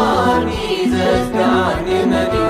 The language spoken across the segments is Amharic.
God, Jesus, God, in the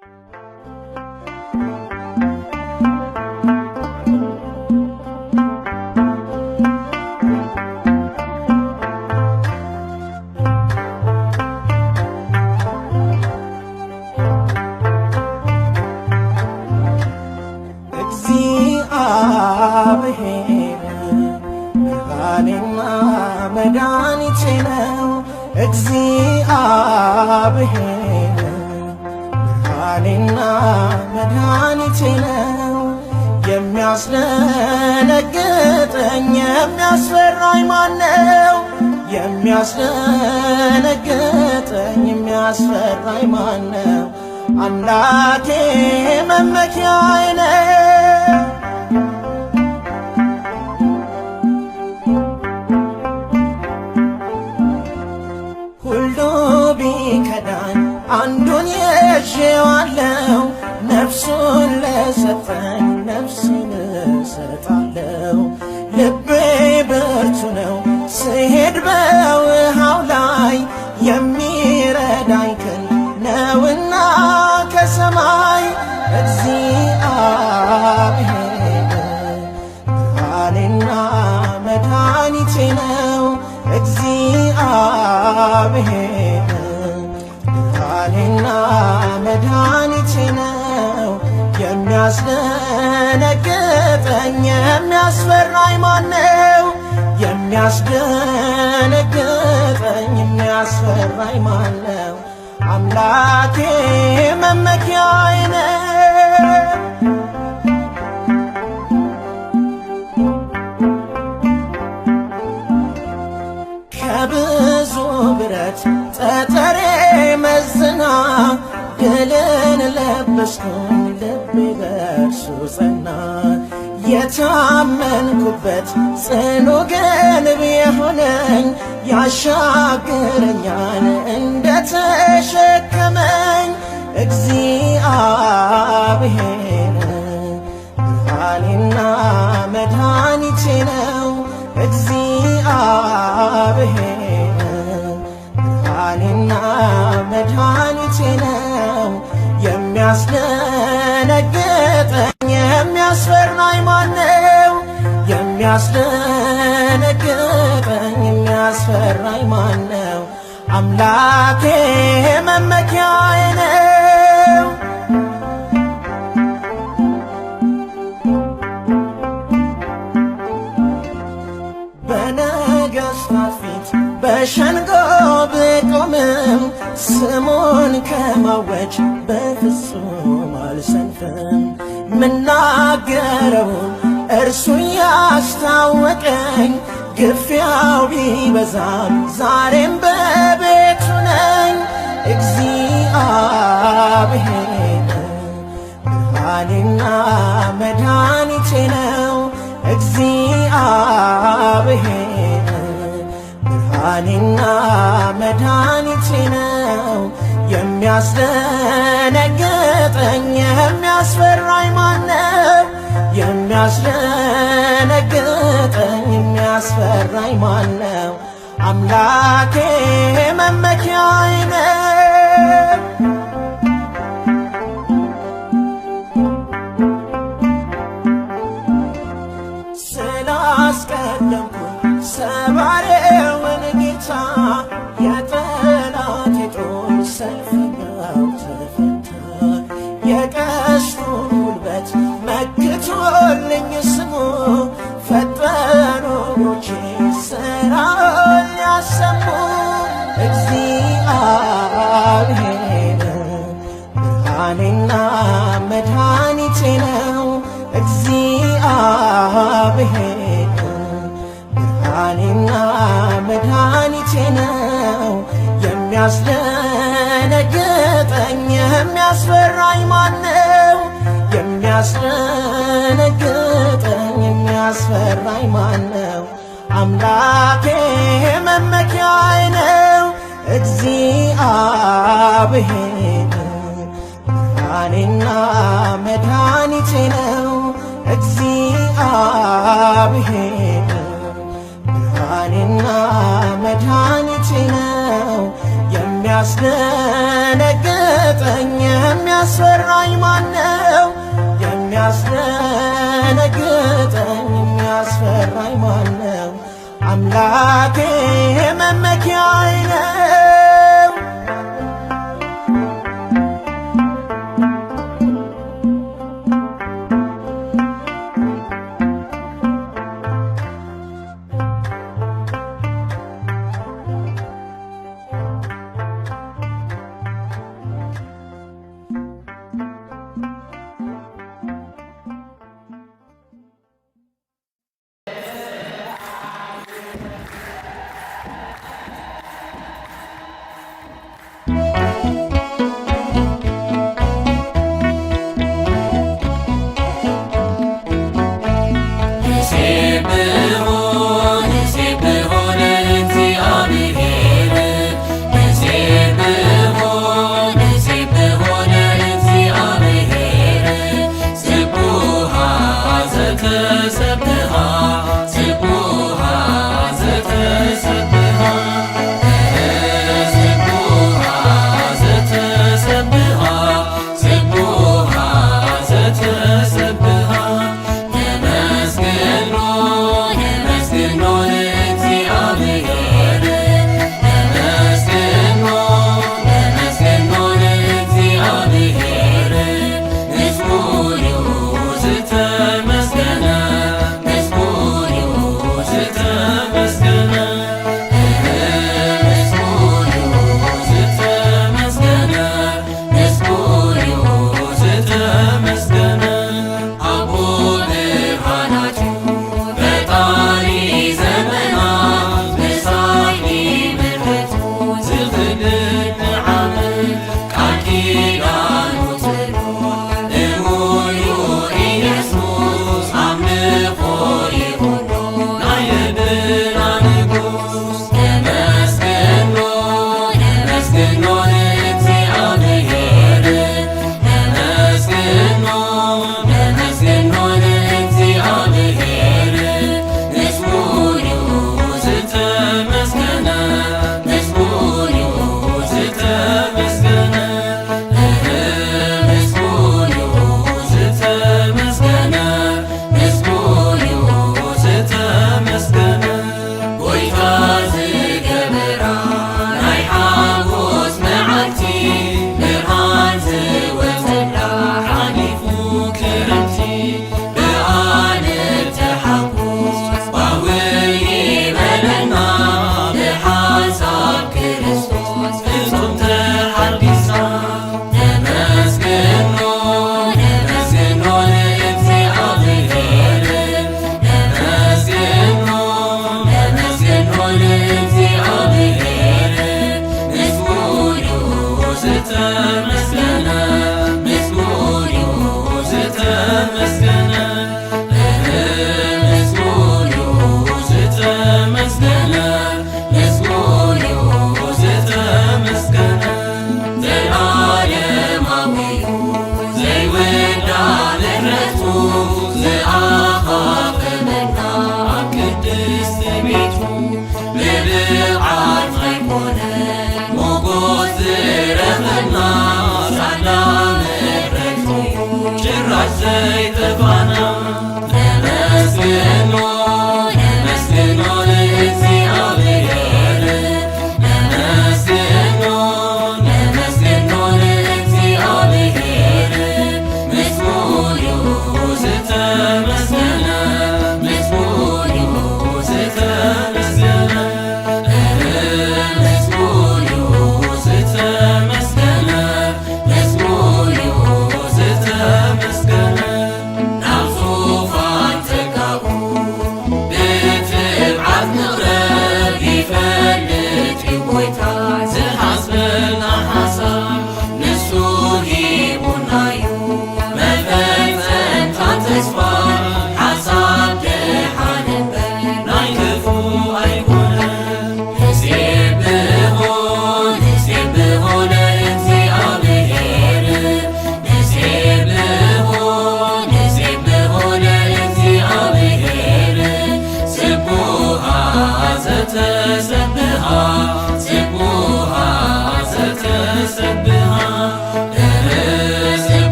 Thank you. ያለኝ የሚያስፈራኝ ማነው? አምላኬ መመኪያዬ ነው። ሁሉ ቢከዳኝ አንዱን ይዤዋለሁ። ነፍሱን ለሰጠኝ ነፍሴን እሰጣለው ልቤ ብርቱ ነው ስሄድ በውሃው ላይ ነው እግዚአብሔር ቃሌና መድኃኒቴ ነው። የሚያስደነግጠኝ የሚያስፈራኝ ማነው? የሚያስደነግጠኝ የሚያስፈራኝ ማነው? አምላኬ መመኪያዬ ነው። ገለን ለበስኩኝ ልቤ በእርሱ ጸና የታመንኩበት ጽኑ ግንብ የሆነኝ ያሻግረኛል እንደተሸከመኝ እግዚአብሔር ብርሃኔና መድኃኒቴ ነው እግዚአብሔር ብርሃኔና መድኃኒ መቼ ነው የሚያስደነግጠኝ? የሚያስፈራኝ ማነው? የሚያስደነግጠኝ የሚያስፈራኝ ማነው? አምላኬ መመኪያዬ ነው። በነገሥታት በሸንጎ ብቆምም ስሙን ከማወጅ በፍጹም አልሰንፍም። ምናገረውን እርሱ ያስታወቀኝ ግፊያው ቢበዛም ዛሬም በቤቱ ነኝ። እግዚአብሔር ብርሃኔና መድኃኒቴ ነው እግዚአብሔር ብርሃኔና መድኃኒቴ ነው። የሚያስደነግጠኝ የሚያስፈራኝ ማነው? የሚያስደነግጠኝ የሚያስፈራኝ ማነው? አምላኬ መመኪያዬ ነው። እግዚአብሔር ብርሃኔና መድኃኒቴ ነው። የሚያስደነግጠኝ የሚያስፈራኝ ማነው? የሚያስደነግጠኝ የሚያስፈራኝ ማነው? አምላኬ መመኪያዬ ነው እግዚአብሔር ብርሃኔና መድኃኒቴ ነው። እግዚአብሔር ብርሃኔና መድኃኒቴ ነው። የሚያስደነግጠኝ የሚያስፈራኝ ማነው? የሚያስደነግጠኝ የሚያስፈራኝ ማነው? አምላኬ መመኪያ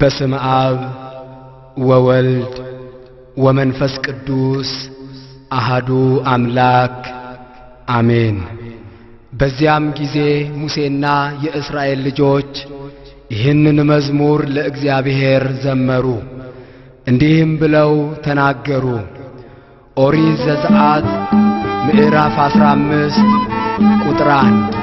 በስም አብ ወወልድ ወመንፈስ ቅዱስ አሃዱ አምላክ አሜን። በዚያም ጊዜ ሙሴና የእስራኤል ልጆች ይህንን መዝሙር ለእግዚአብሔር ዘመሩ፣ እንዲህም ብለው ተናገሩ። ኦሪት ዘፀአት ምዕራፍ 15 ቁጥር 1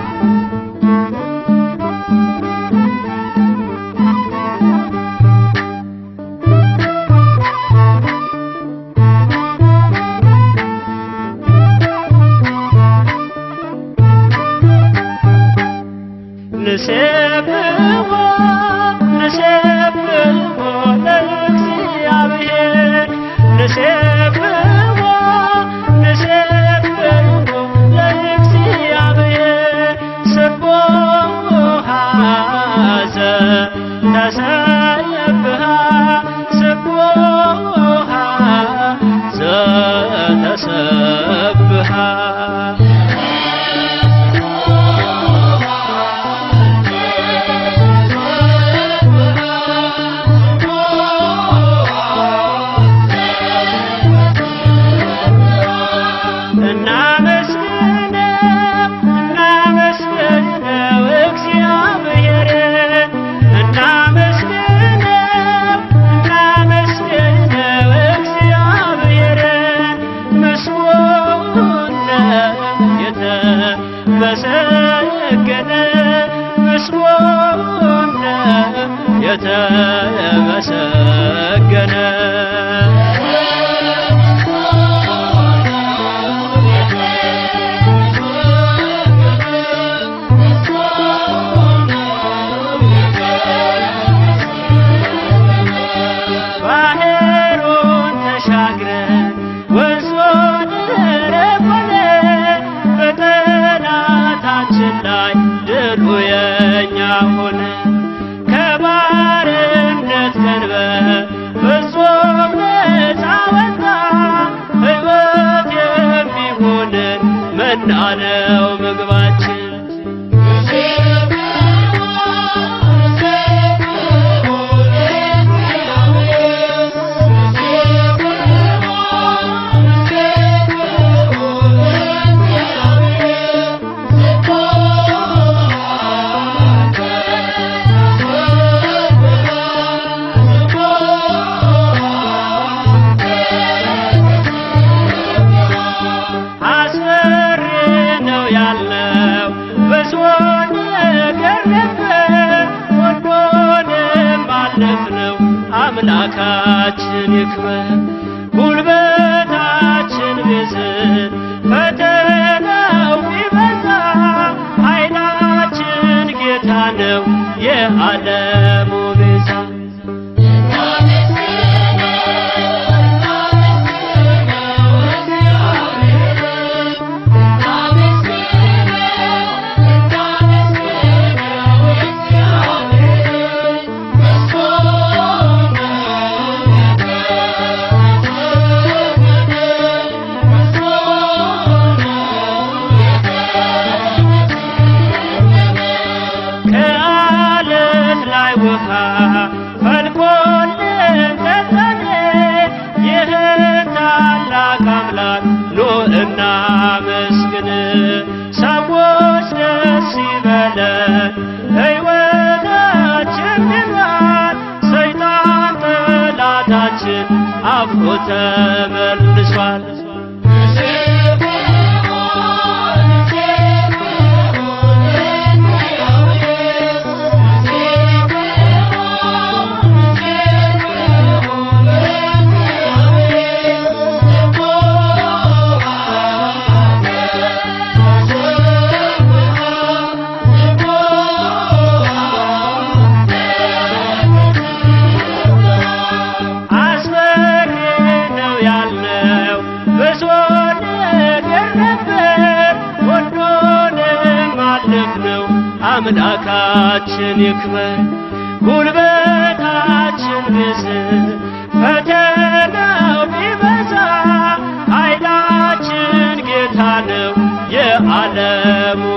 Lamb